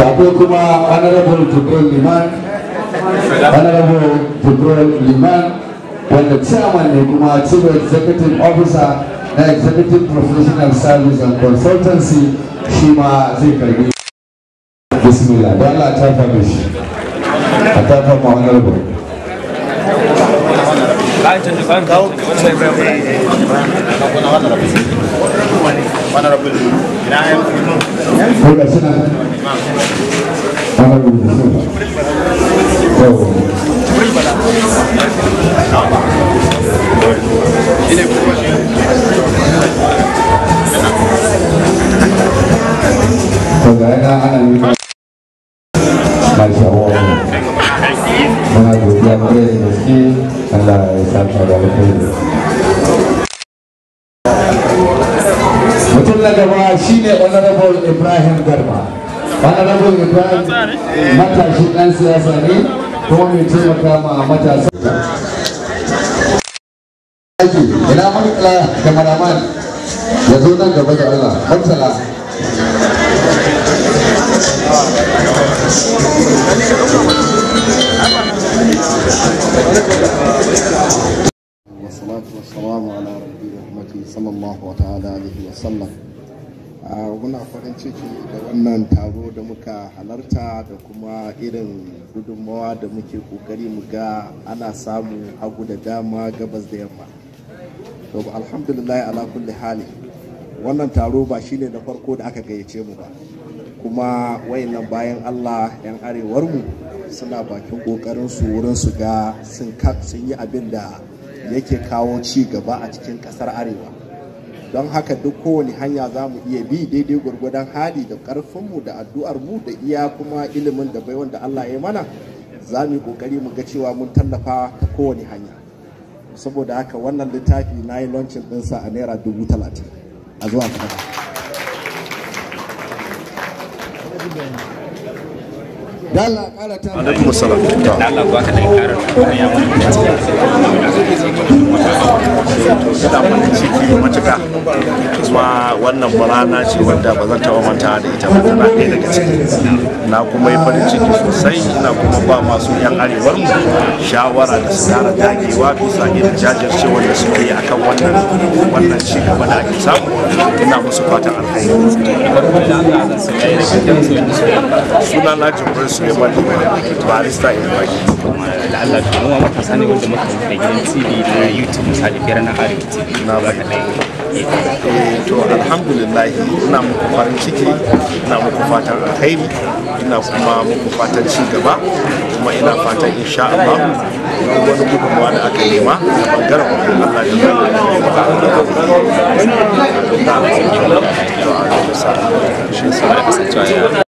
to akwai kuma honorable jibril liman honorable jibril liman wanda chairman ne kuma chief executive officer na executive professional service and consultancy shi ma zai karbi bismillah don Allah ta fama shi a ta fama honorable Kayan canji, kawo, wani mai bayan bayan. honorable Ibrahim Oga suna mutum na gaba shine honorable ibrahim garba honorable ibrahim matashi dan siyasa ne kuma mai taimaka ma matasa ina murtala da maraman ya zo nan gaba da allah murtala Thank you. sallallahu ta'ala wa sallam muna farin ciki da wannan taro da muka halarta da kuma irin gudunmawa da muke kokari mu ga ana samu hagu da dama gabas da yamma to alhamdulillah ala kulli hali wannan taro ba shine da farko da aka gayyace mu ba kuma wayannan bayan allah yan arewar mu suna bakin kokarin su wurin su ga sun yi abin da yake kawo ci gaba a cikin kasar arewa don haka duk kowane hanya za mu iya bi daidai gwargwadon hali da ƙarfinmu da addu'armu da iya kuma ilimin da baiwan da Allah ya mana za mu yi ƙoƙari mu ga cewa mun tallafa ta kowane hanya saboda haka wannan littafi na yi launcin ɗinsa a naira dubu talatin a zuwa ta ƙara ta. ba ka da kuma wannan barana ce wadda ba zan taba manta da ita ba tana ɗaya daga ciki na kuma yi farin ciki sosai ina kuma ba masu yan arewar mu shawara da su tara dagewa bisa irin jajircewar da suke yi akan wannan wannan ci gaba da ake samu ina musu fatan alkhairi suna na jibrin suleiman barista ilmaki Allah da kuma matasa ne wanda muka da gidan TV da YouTube misali biyar na Arewa TV. Na baka ɗaya. Eh, to alhamdulillah ina muku farin ciki ina muku fatan alheri ina kuma muku fatan ci gaba kuma ina fatan insha Allah wani gudunmawa da aka nema a bangaren wani Allah da zai yi ba